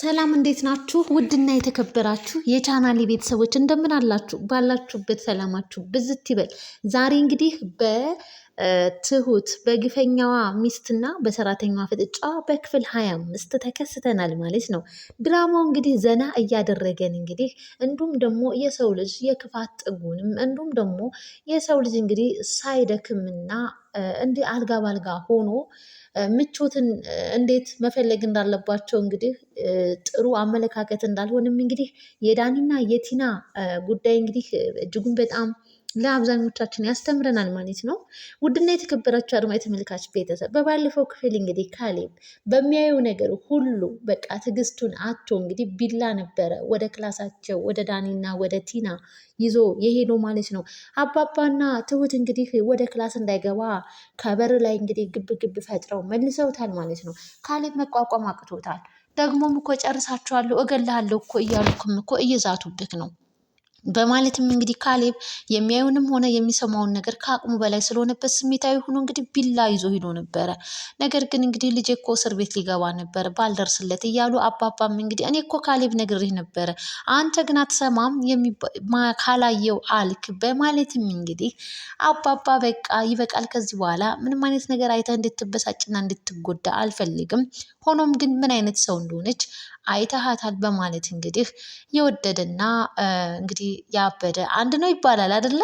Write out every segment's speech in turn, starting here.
ሰላም እንዴት ናችሁ? ውድና የተከበራችሁ የቻናል ቤተሰቦች እንደምን አላችሁ? ባላችሁበት ሰላማችሁ ብዝት ይበል። ዛሬ እንግዲህ በትሁት በግፈኛዋ ሚስትና በሰራተኛዋ ፍጥጫ በክፍል ሀያ አምስት ተከስተናል ማለት ነው። ድራማው እንግዲህ ዘና እያደረገን እንግዲህ እንዲሁም ደግሞ የሰው ልጅ የክፋት ጥጉንም እንዲሁም ደግሞ የሰው ልጅ እንግዲህ ሳይደክምና እንዲህ አልጋ ባልጋ ሆኖ ምቾትን እንዴት መፈለግ እንዳለባቸው እንግዲህ ጥሩ አመለካከት እንዳልሆንም እንግዲህ የዳኒና የቲና ጉዳይ እንግዲህ እጅጉን በጣም ለአብዛኞቻችን ያስተምረናል ማለት ነው። ውድና የተከበራችሁ አድማጭ ተመልካች ቤተሰብ በባለፈው ክፍል እንግዲህ ካሌብ በሚያየው ነገር ሁሉ በቃ ትዕግስቱን አቶ እንግዲህ ቢላ ነበረ ወደ ክላሳቸው ወደ ዳኒና ወደ ቲና ይዞ የሄዶ ማለት ነው። አባባና ትሁት እንግዲህ ወደ ክላስ እንዳይገባ ከበር ላይ እንግዲህ ግብ ግብ ፈጥረው መልሰውታል ማለት ነው። ካሌብ መቋቋም አቅቶታል። ደግሞም እኮ ጨርሳችኋለሁ እገልሃለሁ እኮ እያሉክም እኮ እየዛቱብክ ነው በማለትም እንግዲህ ካሌብ የሚያዩንም ሆነ የሚሰማውን ነገር ከአቅሙ በላይ ስለሆነበት ስሜታዊ ሆኖ እንግዲህ ቢላ ይዞ ሄዶ ነበረ። ነገር ግን እንግዲህ ልጄ እኮ እስር ቤት ሊገባ ነበር ባልደርስለት እያሉ አባባም እንግዲህ እኔ እኮ ካሌብ ነግሬህ ነበረ፣ አንተ ግን አትሰማም ካላየው አልክ በማለትም እንግዲህ አባባ በቃ ይበቃል፣ ከዚህ በኋላ ምንም አይነት ነገር አይተህ እንድትበሳጭና እንድትጎዳ አልፈልግም። ሆኖም ግን ምን አይነት ሰው እንደሆነች አይተሃታል በማለት እንግዲህ የወደደና እንግዲህ ያበደ አንድ ነው ይባላል አደለ?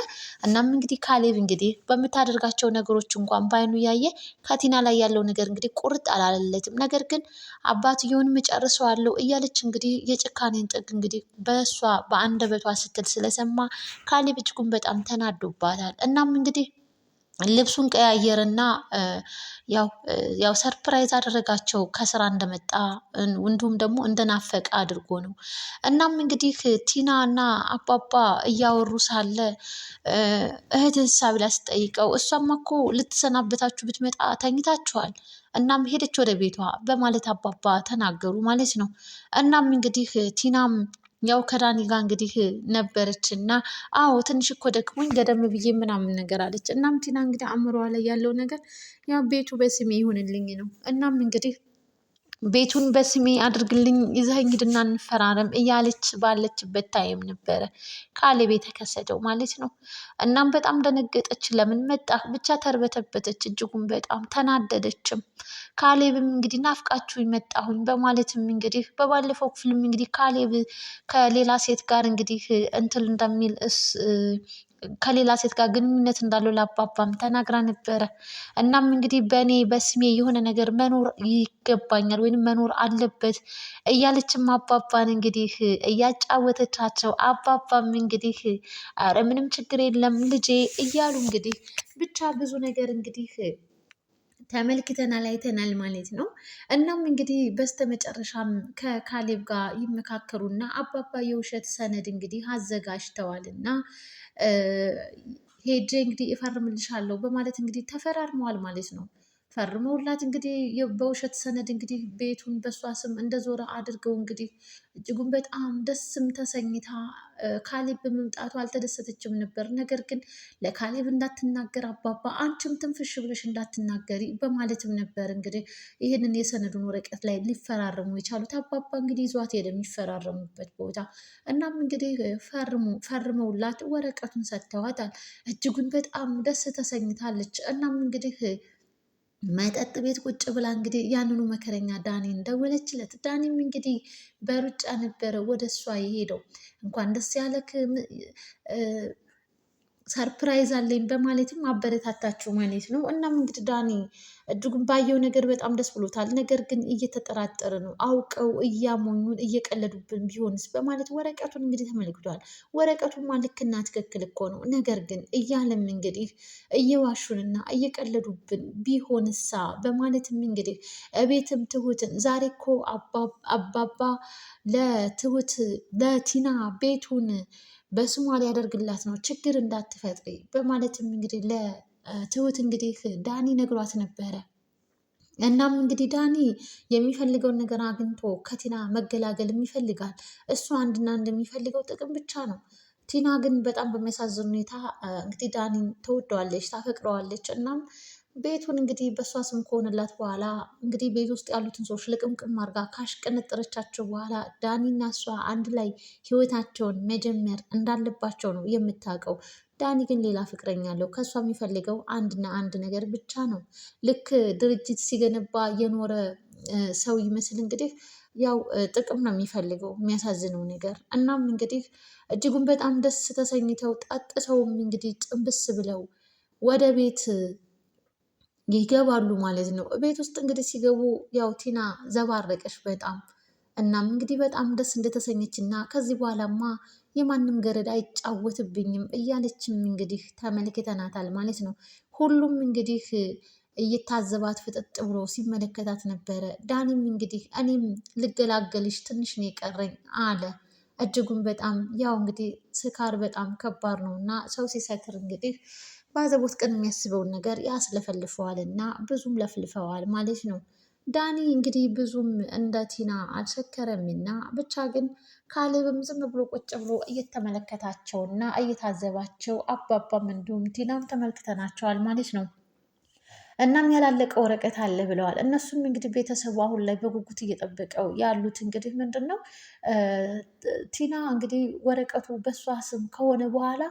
እናም እንግዲህ ካሌብ እንግዲህ በምታደርጋቸው ነገሮች እንኳን ባይኑ እያየ ከቲና ላይ ያለው ነገር እንግዲህ ቁርጥ አላለለትም። ነገር ግን አባትየውን እጨርሰዋለሁ እያለች እንግዲህ የጭካኔን ጥግ እንግዲህ በእሷ በአንደበቷ ስትል ስለሰማ ካሌብ እጅጉን በጣም ተናዶባታል። እናም እንግዲህ ልብሱን ቀያየርና ያው ያው ሰርፕራይዝ አደረጋቸው ከስራ እንደመጣ እንዲሁም ደግሞ እንደናፈቀ አድርጎ ነው። እናም እንግዲህ ቲናና አባባ እያወሩ ሳለ እህት ሳ ብላ ስጠይቀው እሷማ እኮ ልትሰናበታችሁ ብትመጣ ተኝታችኋል እናም ሄደች ወደ ቤቷ በማለት አባባ ተናገሩ ማለት ነው። እናም እንግዲህ ቲናም ያው ከዳኒ ጋር እንግዲህ ነበረች እና አዎ ትንሽ እኮ ደክሞኝ ገደም ብዬ ምናምን ነገር አለች። እናም ቲና እንግዲህ አእምሮዋ ላይ ያለው ነገር ያው ቤቱ በስሜ ይሁንልኝ ነው። እናም እንግዲህ ቤቱን በስሜ አድርግልኝ ይዘኸኝ ሂድና እንፈራረም እያለች ባለችበት ታይም ነበረ ካሌብ የተከሰተው ማለት ነው። እናም በጣም ደነገጠች። ለምን መጣ ብቻ ተርበተበተች፣ እጅጉን በጣም ተናደደችም። ካሌብም እንግዲህ ናፍቃችሁ መጣሁኝ በማለትም እንግዲህ በባለፈው ክፍልም እንግዲህ ካሌብ ከሌላ ሴት ጋር እንግዲህ እንትል እንደሚል ከሌላ ሴት ጋር ግንኙነት እንዳለው ላባባም ተናግራ ነበረ። እናም እንግዲህ በእኔ በስሜ የሆነ ነገር መኖር ይገባኛል ወይም መኖር አለበት እያለችም አባባን እንግዲህ እያጫወተቻቸው አባባም እንግዲህ ኧረ ምንም ችግር የለም ልጄ እያሉ እንግዲህ ብቻ ብዙ ነገር እንግዲህ ተመልክተናል አይተናል ማለት ነው። እናም እንግዲህ በስተመጨረሻም ከካሌብ ጋር ይመካከሩና አባባ የውሸት ሰነድ እንግዲህ አዘጋጅተዋል እና ሄጄ እንግዲህ እፈርምልሻለሁ በማለት እንግዲህ ተፈራርመዋል ማለት ነው። ፈርመውላት እንግዲህ በውሸት ሰነድ እንግዲህ ቤቱን በእሷ ስም እንደ ዞረ አድርገው እንግዲህ እጅጉን በጣም ደስም ተሰኝታ ካሌብ በመምጣቱ አልተደሰተችም ነበር። ነገር ግን ለካሌብ እንዳትናገር አባባ አንቺም ትንፍሽ ብለሽ እንዳትናገሪ በማለትም ነበር እንግዲህ ይህንን የሰነዱን ወረቀት ላይ ሊፈራረሙ የቻሉት። አባባ እንግዲህ ይዟት ሄደ የሚፈራረሙበት ቦታ። እናም እንግዲህ ፈርመውላት ወረቀቱን ሰጥተዋታል። እጅጉን በጣም ደስ ተሰኝታለች። እናም እንግዲህ መጠጥ ቤት ቁጭ ብላ እንግዲህ ያንኑ መከረኛ ዳኒን ደወለችለት። ዳኒም እንግዲህ በሩጫ ነበረ ወደ እሷ የሄደው። እንኳን ደስ ያለክ ሰርፕራይዝ አለኝ በማለትም አበረታታችሁ ማለት ነው። እናም እንግዲህ ዳኒ እጅጉን ባየው ነገር በጣም ደስ ብሎታል። ነገር ግን እየተጠራጠረ ነው። አውቀው እያሞኙን እየቀለዱብን ቢሆንስ በማለት ወረቀቱን እንግዲህ ተመልክቷል። ወረቀቱማ ልክና ትክክል እኮ ነው። ነገር ግን እያለም እንግዲህ እየዋሹንና እየቀለዱብን ቢሆንሳ በማለትም እንግዲህ እቤትም ትሁትን ዛሬ እኮ አባባ ለትሁት ለቲና ቤቱን በስሟ ሊያደርግላት ነው ችግር እንዳትፈጥሪ በማለትም እንግዲህ ለትሁት እንግዲህ ዳኒ ነግሯት ነበረ። እናም እንግዲህ ዳኒ የሚፈልገውን ነገር አግኝቶ ከቲና መገላገልም ይፈልጋል። እሱ አንድና አንድ የሚፈልገው ጥቅም ብቻ ነው። ቲና ግን በጣም በሚያሳዝን ሁኔታ እንግዲህ ዳኒን ትወደዋለች፣ ታፈቅረዋለች እናም ቤቱን እንግዲህ በእሷ ስም ከሆነላት በኋላ እንግዲህ ቤት ውስጥ ያሉትን ሰዎች ልቅምቅም አርጋ ካሽቀነጠረቻቸው በኋላ ዳኒና እሷ አንድ ላይ ህይወታቸውን መጀመር እንዳለባቸው ነው የምታውቀው። ዳኒ ግን ሌላ ፍቅረኛ አለው። ከእሷ የሚፈልገው አንድና አንድ ነገር ብቻ ነው። ልክ ድርጅት ሲገነባ የኖረ ሰው ይመስል እንግዲህ ያው ጥቅም ነው የሚፈልገው፣ የሚያሳዝነው ነገር። እናም እንግዲህ እጅጉን በጣም ደስ ተሰኝተው ጠጥተውም እንግዲህ ጥንብስ ብለው ወደ ቤት ይገባሉ ማለት ነው። ቤት ውስጥ እንግዲህ ሲገቡ ያው ቲና ዘባረቀች በጣም እናም እንግዲህ በጣም ደስ እንደተሰኘች እና ከዚህ በኋላማ የማንም ገረድ አይጫወትብኝም እያለችም እንግዲህ ተመልክተናታል ማለት ነው። ሁሉም እንግዲህ እየታዘባት ፍጥጥ ብሎ ሲመለከታት ነበረ። ዳኒም እንግዲህ እኔም ልገላገልሽ ትንሽ ነው የቀረኝ አለ። እጅጉን በጣም ያው እንግዲህ ስካር በጣም ከባድ ነው እና ሰው ሲሰክር እንግዲህ ባዘቦት ቀን የሚያስበውን ነገር ያስለፈልፈዋል እና ብዙም ለፍልፈዋል ማለት ነው። ዳኒ እንግዲህ ብዙም እንደ ቲና አልሰከረም እና ብቻ ግን ካሌብም ዝም ብሎ ቁጭ ብሎ እየተመለከታቸውና እየታዘባቸው አባባም እንዲሁም ቲናም ተመልክተናቸዋል ማለት ነው። እናም ያላለቀ ወረቀት አለ ብለዋል። እነሱም እንግዲህ ቤተሰቡ አሁን ላይ በጉጉት እየጠበቀው ያሉት እንግዲህ ምንድን ነው ቲና እንግዲህ ወረቀቱ በእሷ ስም ከሆነ በኋላ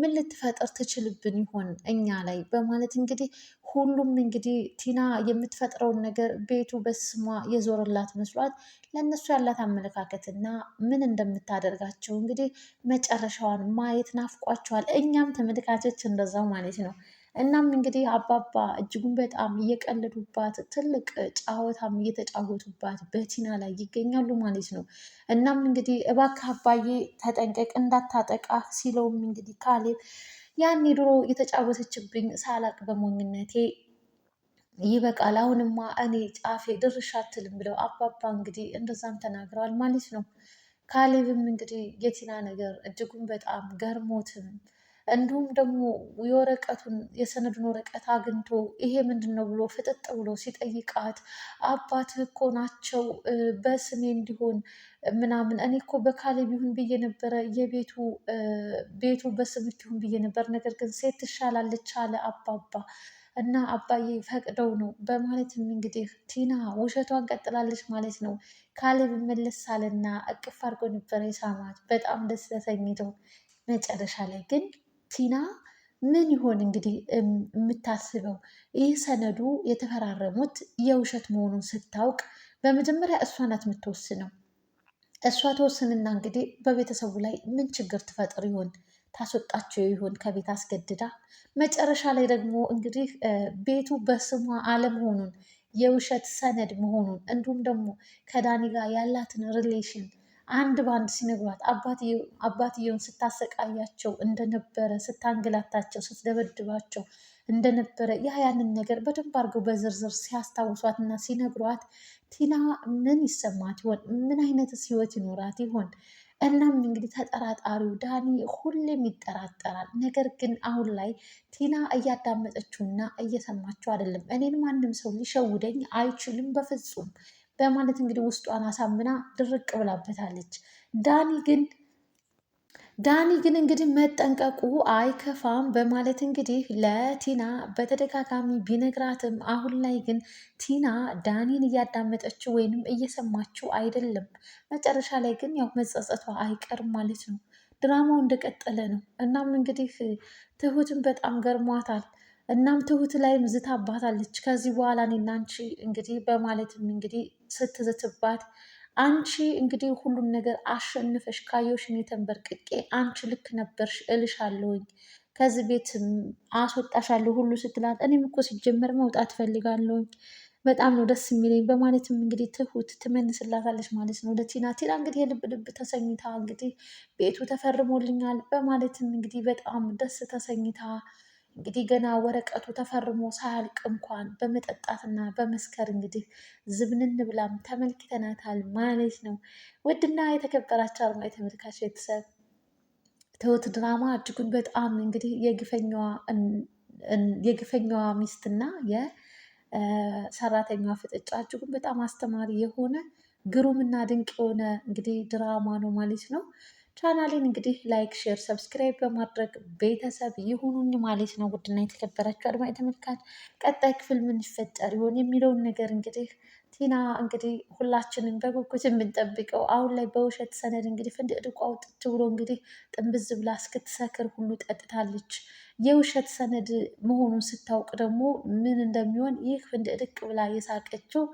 ምን ልትፈጥር ትችልብን ይሆን እኛ ላይ በማለት እንግዲህ ሁሉም እንግዲህ ቲና የምትፈጥረውን ነገር ቤቱ በስሟ የዞረላት መስሏት ለእነሱ ያላት አመለካከትና ምን እንደምታደርጋቸው እንግዲህ መጨረሻዋን ማየት ናፍቋቸዋል። እኛም ተመልካቾች እንደዛው ማለት ነው። እናም እንግዲህ አባባ እጅጉን በጣም እየቀለዱባት ትልቅ ጫወታም እየተጫወቱባት በቲና ላይ ይገኛሉ ማለት ነው። እናም እንግዲህ እባክህ አባዬ ተጠንቀቅ እንዳታጠቃ ሲለውም እንግዲህ ካሌብ ያኔ ድሮ የተጫወተችብኝ ሳላቅ በሞኝነቴ ይበቃል፣ አሁንማ እኔ ጫፌ ድርሻ አትልም ብለው አባባ እንግዲህ እንደዛም ተናግረዋል ማለት ነው። ካሌብም እንግዲህ የቲና ነገር እጅጉን በጣም ገርሞትም እንዲሁም ደግሞ የወረቀቱን የሰነዱን ወረቀት አግኝቶ ይሄ ምንድን ነው ብሎ ፍጥጥ ብሎ ሲጠይቃት አባትህ እኮ ናቸው በስሜ እንዲሆን ምናምን እኔ እኮ በካሌብ ይሁን ብዬ ነበረ የቤቱ ቤቱ በስም ይሁን ብዬ ነበር። ነገር ግን ሴት ትሻላለች አለ አባባ እና አባዬ ፈቅደው ነው በማለትም እንግዲህ ቲና ውሸቷን ቀጥላለች ማለት ነው። ካሌብ መለስ አለና እቅፍ አድርጎ ነበረ የሳማት በጣም ደስ ተሰኝተው መጨረሻ ላይ ግን ቲና ምን ይሆን እንግዲህ የምታስበው? ይህ ሰነዱ የተፈራረሙት የውሸት መሆኑን ስታውቅ በመጀመሪያ እሷ ናት የምትወስነው። እሷ ተወስንና እንግዲህ በቤተሰቡ ላይ ምን ችግር ትፈጥር ይሆን? ታስወጣቸው ይሆን ከቤት አስገድዳ? መጨረሻ ላይ ደግሞ እንግዲህ ቤቱ በስሟ አለመሆኑን የውሸት ሰነድ መሆኑን እንዲሁም ደግሞ ከዳኒ ጋር ያላትን ሪሌሽን አንድ በአንድ ሲነግሯት አባትየውን ስታሰቃያቸው እንደነበረ ስታንግላታቸው፣ ስትደበድባቸው እንደነበረ ያ ያንን ነገር በደንብ አድርገው በዝርዝር ሲያስታውሷት እና ሲነግሯት ቲና ምን ይሰማት ይሆን? ምን አይነትስ ህይወት ይኖራት ይሆን? እናም እንግዲህ ተጠራጣሪው ዳኒ ሁሌም ይጠራጠራል። ነገር ግን አሁን ላይ ቲና እያዳመጠችውና እየሰማችው አይደለም። እኔን ማንም ሰው ሊሸውደኝ አይችልም በፍጹም በማለት እንግዲህ ውስጧን አሳምና ድርቅ ብላበታለች። ዳኒ ግን ዳኒ ግን እንግዲህ መጠንቀቁ አይከፋም በማለት እንግዲህ ለቲና በተደጋጋሚ ቢነግራትም አሁን ላይ ግን ቲና ዳኒን እያዳመጠችው ወይንም እየሰማችው አይደለም። መጨረሻ ላይ ግን ያው መጸጸቷ አይቀርም ማለት ነው። ድራማው እንደቀጠለ ነው። እናም እንግዲህ ትሁትን በጣም ገርሟታል። እናም ትሁት ላይም ዝታባታለች። ከዚህ በኋላ እኔና አንቺ እንግዲህ በማለትም እንግዲህ ስትዝትባት አንቺ እንግዲህ ሁሉን ነገር አሸንፈሽ ካየሁሽ እኔ ተንበርቅቄ አንቺ ልክ ነበርሽ እልሻለሁኝ ከዚህ ቤት አስወጣሻለሁ ሁሉ ስትላት እኔም እኮ ሲጀመር መውጣት ፈልጋለሁኝ በጣም ነው ደስ የሚለኝ በማለትም እንግዲህ ትሁት ትመንስላታለች ማለት ነው። ለቲና ቲና እንግዲህ የልብ ልብ ተሰኝታ እንግዲህ ቤቱ ተፈርሞልኛል በማለትም እንግዲህ በጣም ደስ ተሰኝታ እንግዲህ ገና ወረቀቱ ተፈርሞ ሳያልቅ እንኳን በመጠጣትና በመስከር እንግዲህ ዝብንን ብላም ተመልክተናታል ማለት ነው። ውድና የተከበራቸው አርማ የተመልካች ቤተሰብ ትሁት ድራማ እጅጉን በጣም እንግዲህ የግፈኛዋ ሚስትና የሰራተኛዋ ፍጥጫ እጅጉን በጣም አስተማሪ የሆነ ግሩምና ድንቅ የሆነ እንግዲህ ድራማ ነው ማለት ነው። ቻናሌን እንግዲህ ላይክ፣ ሼር፣ ሰብስክራይብ በማድረግ ቤተሰብ ይሁኑኝ ማለት ነው። ውድና የተከበራችሁ አድማ የተመልካች ቀጣይ ክፍል ምን ይፈጠር ይሆን የሚለውን ነገር እንግዲህ ቲና እንግዲህ ሁላችንም በጉጉት የምንጠብቀው አሁን ላይ በውሸት ሰነድ እንግዲህ ፍንድቅድቋ ውጥት ብሎ እንግዲህ ጥንብዝ ብላ እስክትሰክር ሁሉ ጠጥታለች። የውሸት ሰነድ መሆኑን ስታውቅ ደግሞ ምን እንደሚሆን ይህ ፍንድቅድቅ ብላ የሳቀችው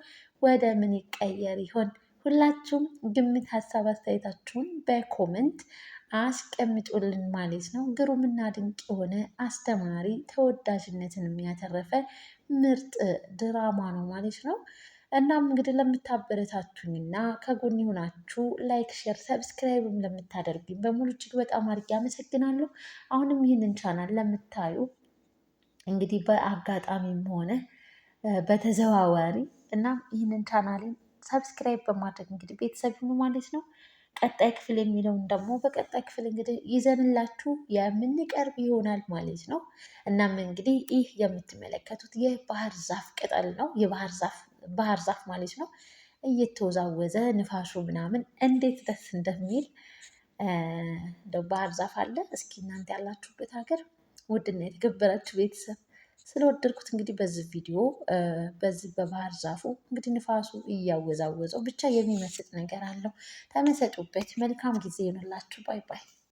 ወደ ምን ይቀየር ይሆን? ሁላችሁም ግምት፣ ሀሳብ አስተያየታችሁን በኮመንት አስቀምጡልን ማለት ነው። ግሩምና ድንቅ የሆነ አስተማሪ ተወዳጅነትን የሚያተረፈ ምርጥ ድራማ ነው ማለት ነው። እናም እንግዲህ ለምታበረታችሁኝና ከጎን የሆናችሁ ላይክ፣ ሼር፣ ሰብስክራይብም ለምታደርጉኝ በሙሉ እጅግ በጣም አድርጌ አመሰግናለሁ። አሁንም ይህንን ቻናል ለምታዩ እንግዲህ በአጋጣሚም ሆነ በተዘዋዋሪ እና ይህንን ቻናሌን ሰብስክራይብ በማድረግ እንግዲህ ቤተሰብ ማለት ነው። ቀጣይ ክፍል የሚለውን ደግሞ በቀጣይ ክፍል እንግዲህ ይዘንላችሁ የምንቀርብ ይሆናል ማለት ነው። እናም እንግዲህ ይህ የምትመለከቱት የባህር ዛፍ ቅጠል ነው። ዛፍ ባህር ዛፍ ማለት ነው። እየተወዛወዘ ንፋሹ ምናምን እንዴት ደስ እንደሚል እንደው ባህር ዛፍ አለ። እስኪ እናንተ ያላችሁበት ሀገር ውድና የተከበራችሁ ቤተሰብ ስለወደድኩት እንግዲህ በዚህ ቪዲዮ በዚህ በባህር ዛፉ እንግዲህ ንፋሱ እያወዛወዘው ብቻ የሚመስጥ ነገር አለው። ተመሰጡበት። መልካም ጊዜ ይሆንላችሁ። ባይ ባይ።